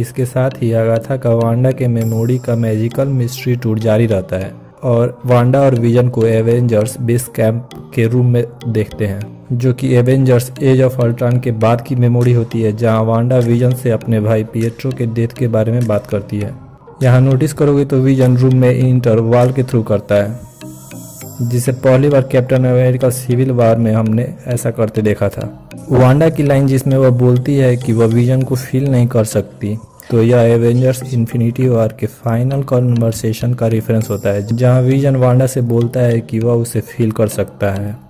इसके साथ ही अगाथा का वांडा के मेमोरी का मैजिकल मिस्ट्री टूर जारी रहता है और वांडा और विजन को एवेंजर्स बेस कैंप के रूम में देखते हैं जो कि एवेंजर्स एज ऑफ अल्ट्रॉन के बाद की मेमोरी होती है जहां वांडा विजन से अपने भाई पियट्रो के डेथ के बारे में बात करती है यहाँ नोटिस करोगे तो विजन रूम में इंटर वॉल के थ्रू करता है जिसे पहली बार कैप्टन अमेरिका सिविल वार में हमने ऐसा करते देखा था वांडा की लाइन जिसमें वह बोलती है कि वह विजन को फील नहीं कर सकती तो यह एवेंजर्स इन्फिनिटी वार के फाइनल कॉन्वर्सेशन का रेफरेंस होता है जहां विजन वांडा से बोलता है कि वह उसे फील कर सकता है